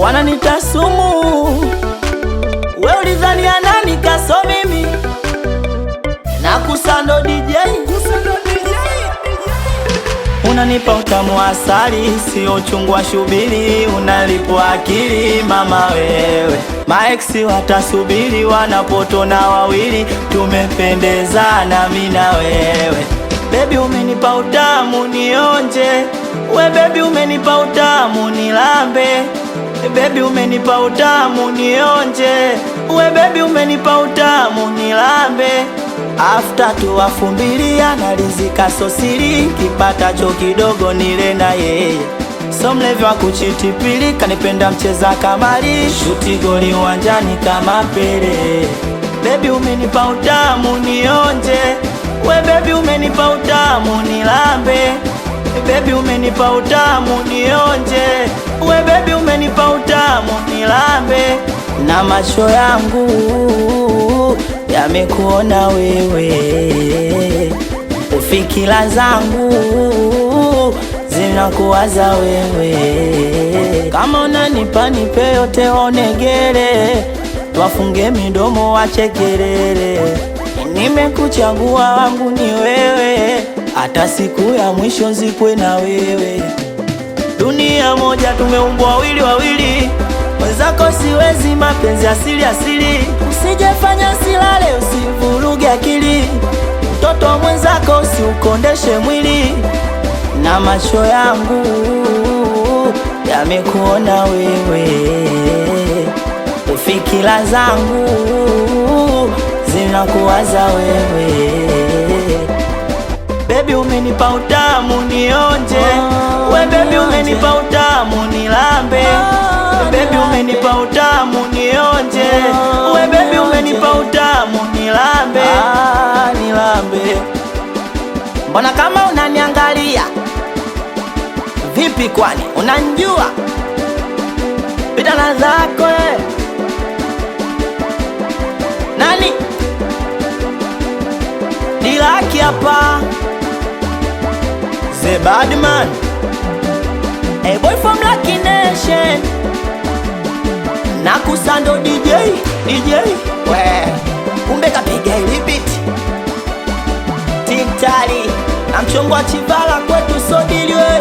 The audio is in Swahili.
wananita sumu. We ya nani kaso mimi na kusando DJ, kusando DJ. Unanipa utamu wa asali, si uchungu wa shubiri, unalipwa akili mama wewe. Maeksi watasubiri wanapotona wawili, tumependezana mimi na wewe Baby umenipa utamu nionje, we baby umenipa utamu nilambe, baby umenipa utamu nionje, we baby umenipa utamu nilambe. After tuwafumbilia nalizika sosili, kipatacho kidogo nile na yeye So mlevi wa kuchitipili kanipenda mcheza kamari, shuti goli uwanjani kama Pele. Baby umenipa utamu nionje We baby umenipa utamu nilambe, baby umenipa utamu onje. we baby umenipa utamu lambe, na macho yangu yamekuona wewe, ufikira zangu zinakuwaza wewe. Kama unanipa nipe yote, onegere, twafunge midomo wache kelele nimekuchagua wangu ni wewe, hata siku ya mwisho nzikwe na wewe. Dunia moja tumeumbwa wawili wawili, mwenzako siwezi, mapenzi asili asili. Usijefanya silale, usivuruge akili, mtoto mwenzako siukondeshe mwili, na macho yangu yamekuona wewe, ufikira zangu na kuwaza wewe Baby umenipa utamu nionje oh, we baby umenipa utamu nilambe oh, Baby umenipa utamu nionje oh, we baby umenipa utamu nilambe ah, nilambe Mbona kama unaniangalia vipi kwani unanjua? Pita na zako eh. rapper The bad man A boy from Lucky Nation Nakusando DJ DJ We Kumbe kapiga ili beat Tintali Na Chivala kwetu sodiliwe